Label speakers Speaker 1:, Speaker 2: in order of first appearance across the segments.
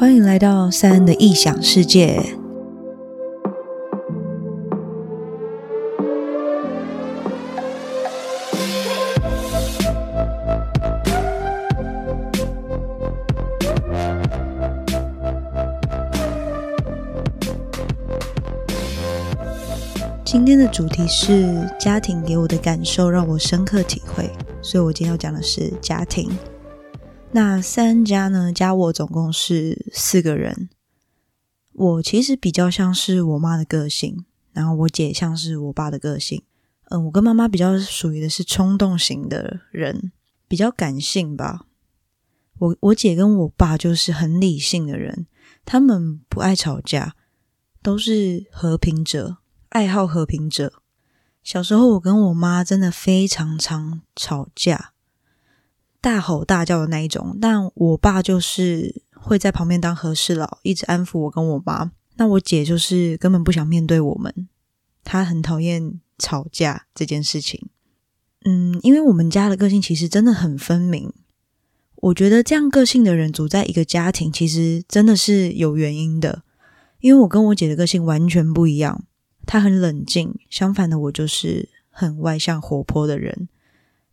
Speaker 1: 歡迎來到賽恩的異想世界。今天的主題是家庭，給我的感受讓我深刻體會，所以我今天要講的是家庭。那三家呢？加我總共是四個人。我其實比較像是我媽的個性，然後我姐像是我爸的個性。嗯、呃，我跟媽媽比較屬於的是衝動型的人，比較感性吧。我我姐跟我爸就是很理性的人，他們不愛吵架，都是和平者，愛好和平者。小時候我跟我媽真的非常常吵架。大吼大叫的那一種，但我爸就是會在旁邊當和事佬，一直安撫我跟我媽。那我姐就是根本不想面對我們，她很討厭吵架這件事情。嗯，因為我們家的個性其實真的很分明。我覺得這樣個性的人住在一個家庭，其實真的是有原因的。因為我跟我姐的個性完全不一樣，她很冷靜，相反的我就是很外向活潑的人。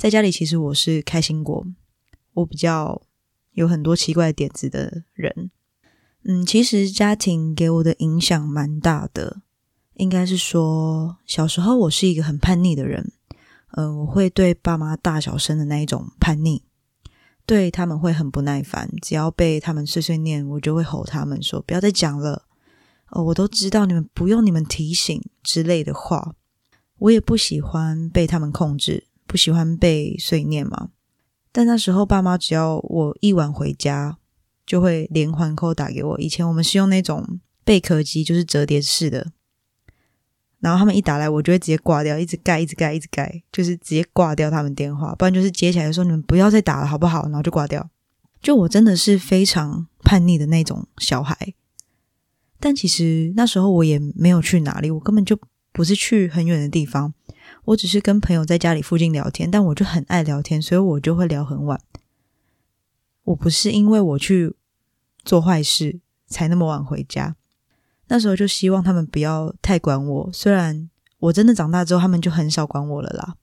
Speaker 1: 在家裡，其實我是開心果，我比較有很多奇怪點子的人。嗯，其實家庭給我的影響蠻大的，應該是說小時候我是一個很叛逆的人。呃，我會對爸媽大小聲的那一種叛逆，對他們會很不耐煩，只要被他們碎碎念，我就會吼他們說：“不要再講了，哦、呃，我都知道，你們不用你們提醒之類的話。”我也不喜歡被他們控制。不喜歡被碎念嘛。但那時候爸媽只要我一晚回家，就會連環 call 打給我。以前我們是用那種貝殼機，就是摺疊式的。然後他們一打來，我就會直接掛掉，一直蓋，一直蓋，一直蓋，就是直接掛掉他們電話。不然就是接起來說：“你們不要再打了，好不好？”然後就掛掉。就我真的是非常叛逆的那種小孩。但其實那時候我也沒有去哪裡，我根本就不是去很遠的地方。我只是跟朋友在家裡附近聊天，但我就很愛聊天，所以我就會聊很晚。我不是因為我去做壞事才那麼晚回家。那時候就希望他們不要太管我。雖然我真的長大之後他們就很少管我了啦，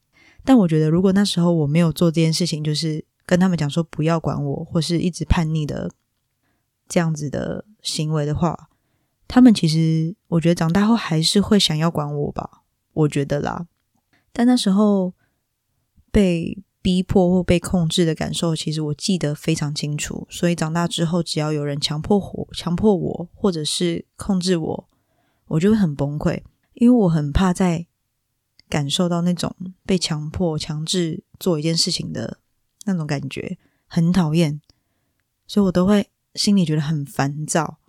Speaker 1: 但我覺得如果那時候我沒有做這件事情，就是跟他們講說不要管我，或是一直叛逆的這樣子的行為的話，他們其實我覺得長大後還是會想要管我吧？我覺得啦。但那時候被逼迫或被控制的感受，其實我記得非常清楚。所以長大之後，只要有人強迫我、強迫我，或者是控制我，我就會很崩潰，因為我很怕再感受到那種被強迫、強制做一件事情的那種感覺，很討厭，所以我都會心裡覺得很煩躁。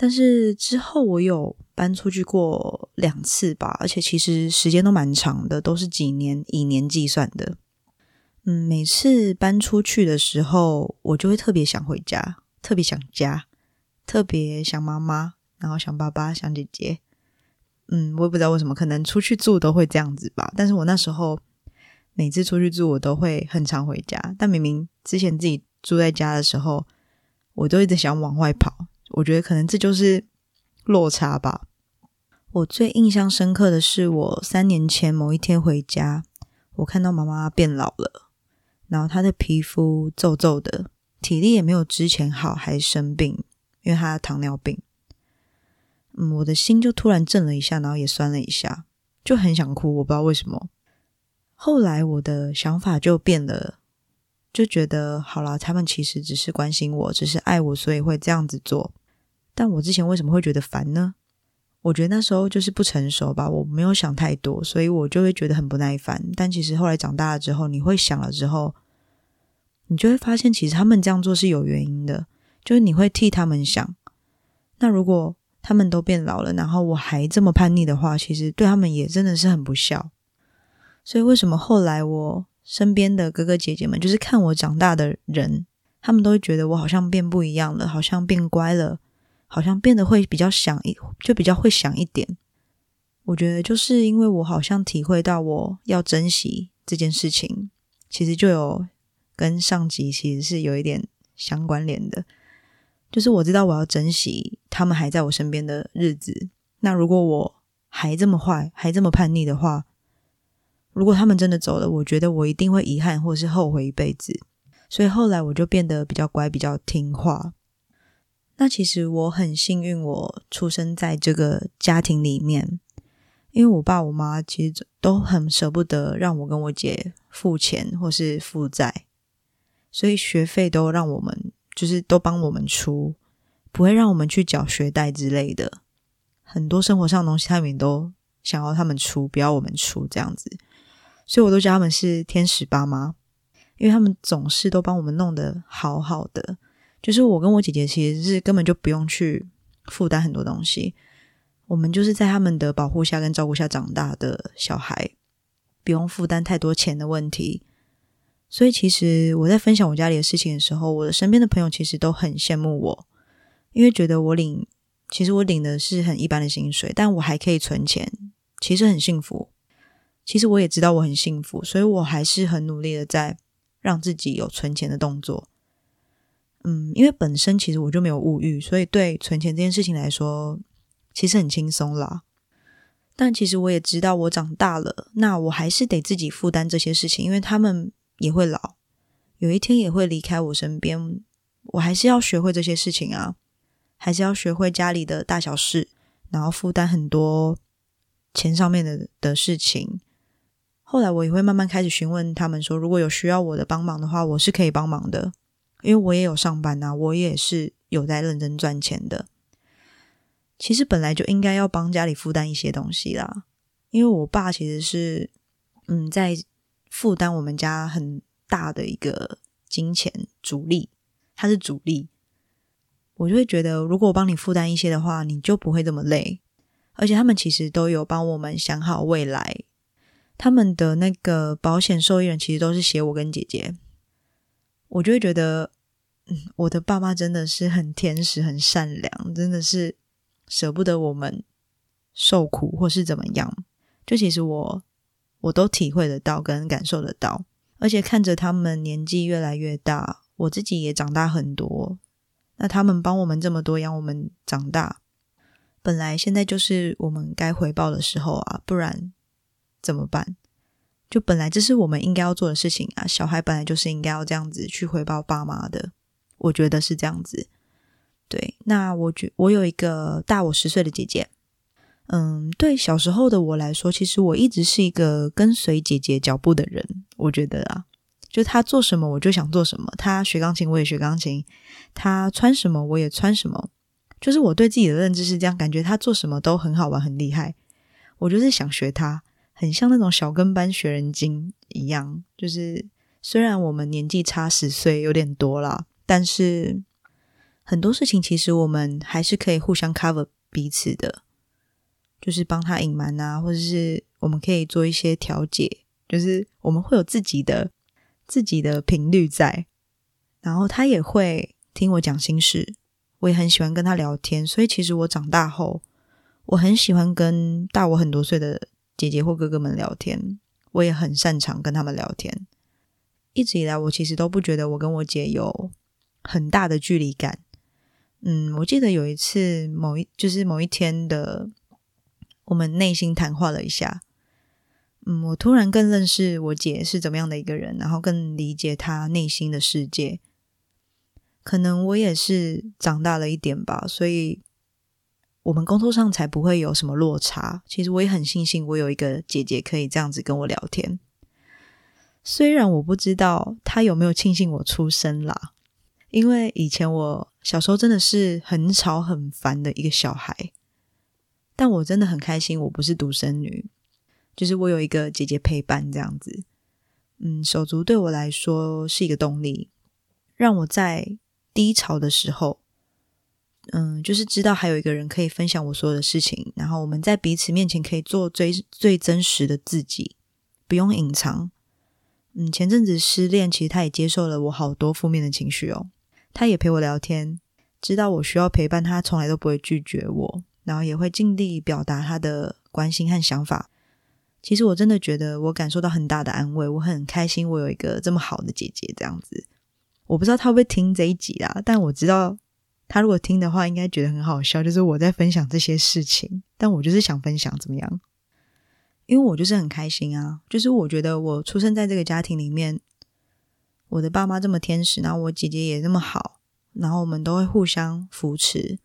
Speaker 1: 但是之後我有搬出去過兩次吧，而且其實時間都蠻長的，都是幾年以年計算的。嗯，每次搬出去的時候，我就會特別想回家，特別想家，特別想媽媽，然後想爸爸，想姐姐。嗯，我也不知道為什麼，可能出去住都會這樣子吧，但是我那時候每次出去住，我都會很常回家，但明明之前自己住在家的時候，我都一直想往外跑。我覺得可能這就是落差吧。我最印象深刻的是，我三年前某一天回家，我看到媽媽變老了，然後她的皮膚皺皺的，體力也沒有之前好，還生病，因為她糖尿病。嗯，我的心就突然震了一下，然後也酸了一下，就很想哭，我不知道為什麼。後來我的想法就變了。就覺得好啦，他們其實只是關心我，只是愛我，所以會這樣子做。但我之前為什麼會覺得煩呢？我覺得那時候就是不成熟吧，我沒有想太多，所以我就會覺得很不耐煩。但其實後來長大了之後，你會想了之後，你就會發現，其實他們這樣做是有原因的，就是你會替他們想。那如果他們都變老了，然後我還這麼叛逆的話，其實對他們也真的是很不孝。所以為什麼後來我？身邊的哥哥姐姐們，就是看我長大的人，他們都會覺得我好像變不一樣了，好像變乖了，好像變得會比較想一，就比較會想一點。我覺得就是因為我好像體會到我要珍惜這件事情，其實就有跟上集其實是有一點相關聯的，就是我知道我要珍惜他們還在我身邊的日子。那如果我還這麼壞，還這麼叛逆的話，如果他們真的走了，我覺得我一定會遺憾或是後悔一輩子。所以後來我就變得比較乖，比較聽話。那其實我很幸運，我出生在這個家庭裡面，因為我爸我媽其實都很捨不得讓我跟我姐付錢或是負債，所以學費都讓我們就是都幫我們出，不會讓我們去繳學貸之類的。很多生活上的東西，他們也都想要他們出，不要我們出這樣子。所以我都叫他們是天使爸媽，因為他們總是都幫我們弄得好好的。就是我跟我姐姐其實是根本就不用去負擔很多東西，我們就是在他們的保護下跟照顧下長大的小孩，不用負擔太多錢的問題。所以其實我在分享我家裡的事情的時候，我的身邊的朋友其實都很羨慕我，因為覺得我領，其實我領的是很一般的薪水，但我還可以存錢，其實很幸福。其實我也知道我很幸福，所以我還是很努力的在讓自己有存錢的動作。嗯，因為本身其實我就沒有物欲，所以對存錢這件事情來說，其實很輕鬆啦。但其實我也知道我長大了，那我還是得自己負擔這些事情，因為他們也會老，有一天也會離開我身邊，我還是要學會這些事情啊，還是要學會家裡的大小事，然後負擔很多錢上面的的事情。後來我也會慢慢開始詢問他們說，如果有需要我的幫忙的話，我是可以幫忙的，因為我也有上班啊，我也是有在認真賺錢的。其實本來就應該要幫家裡負擔一些東西啦，因為我爸其實是嗯在負擔我們家很大的一個金錢主力，他是主力，我就會覺得如果我幫你負擔一些的話，你就不會這麼累，而且他們其實都有幫我們想好未來。他們的那個保險受益人其實都是寫我跟姐姐，我就會覺得，嗯，我的爸媽真的是很天使、很善良，真的是捨不得我們受苦或是怎麼樣，就其實我我都體會得到跟感受得到，而且看着他們年紀越來越大，我自己也長大很多，那他們幫我們這麼多，養我們長大，本來現在就是我們該回報的時候啊，不然。怎麼辦？就本來這是我們應該要做的事情啊，小孩本來就是應該要這樣子去回報爸媽的，我覺得是這樣子。對，那我覺我有一個大我十歲的姐姐，嗯，對，小時候的我來說，其實我一直是一個跟隨姐姐腳步的人。我覺得啊，就她做什麼我就想做什麼，她學鋼琴我也學鋼琴，她穿什麼我也穿什麼，就是我對自己的認知是這樣，感覺她做什麼都很好玩，很厲害，我就是想學她。很像那種小跟班學人精一樣，就是雖然我們年紀差十歲有點多啦，但是很多事情其實我們還是可以互相 cover 彼此的，就是幫他隱瞞啊，或者是我們可以做一些調解，就是我們會有自己的自己的頻率在，然後他也會聽我講心事，我也很喜歡跟他聊天，所以其實我長大後，我很喜歡跟大我很多歲的。姐姐或哥哥們聊天，我也很擅長跟他們聊天。一直以來，我其實都不覺得我跟我姐有很大的距離感。嗯，我記得有一次，某一就是某一天的，我們內心談話了一下。嗯，我突然更認識我姐是怎麼樣的一個人，然後更理解她內心的世界。可能我也是長大了一點吧，所以。我們工作上才不會有什麼落差，其實我也很慶幸我有一個姐姐可以這樣子跟我聊天。雖然我不知道她有沒有慶幸我出生啦，因為以前我小時候真的是很吵很煩的一個小孩。但我真的很開心我不是獨生女，就是我有一個姐姐陪伴這樣子。嗯，手足對我來說是一個動力，讓我在低潮的時候。嗯，就是知道還有一個人可以分享我所有的事情，然後我們在彼此面前可以做最最真實的自己，不用隱藏。嗯，前陣子失戀，其實他也接受了我好多負面的情緒哦，他也陪我聊天，知道我需要陪伴他，他從來都不會拒絕我，然後也會盡力表達他的關心和想法。其實我真的覺得我感受到很大的安慰，我很開心我有一個這麼好的姐姐這樣子。我不知道他會不會聽這一集啦、啊，但我知道。他如果聽的話，應該覺得很好笑，就是我在分享這些事情，但我就是想分享怎麼樣？因為我就是很開心啊，就是我覺得我出生在這個家庭裡面，我的爸媽這麼天使，然後我姐姐也這麼好，然後我們都會互相扶持。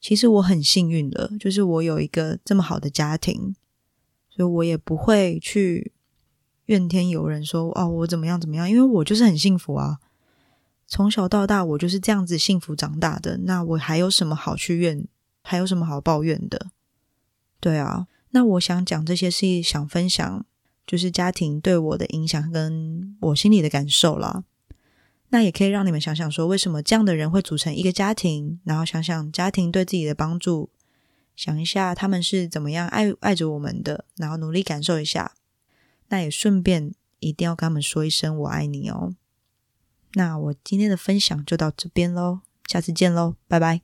Speaker 1: 其實我很幸運的，就是我有一個這麼好的家庭，所以我也不會去怨天尤人說，說哦我怎麼樣怎麼樣，因為我就是很幸福啊。從小到大，我就是這樣子幸福長大的。那我還有什麼好去怨，還有什麼好抱怨的？對啊，那我想講這些事，想分享，就是家庭對我的影響跟我心裡的感受啦。那也可以讓你們想想說，為什麼這樣的人會組成一個家庭，然後想想家庭對自己的幫助，想一下他們是怎麼樣愛愛着我們的，然後努力感受一下。那也順便一定要跟他們說一聲我愛你哦。那我今天的分享就到這邊嘍，下次見嘍，拜拜。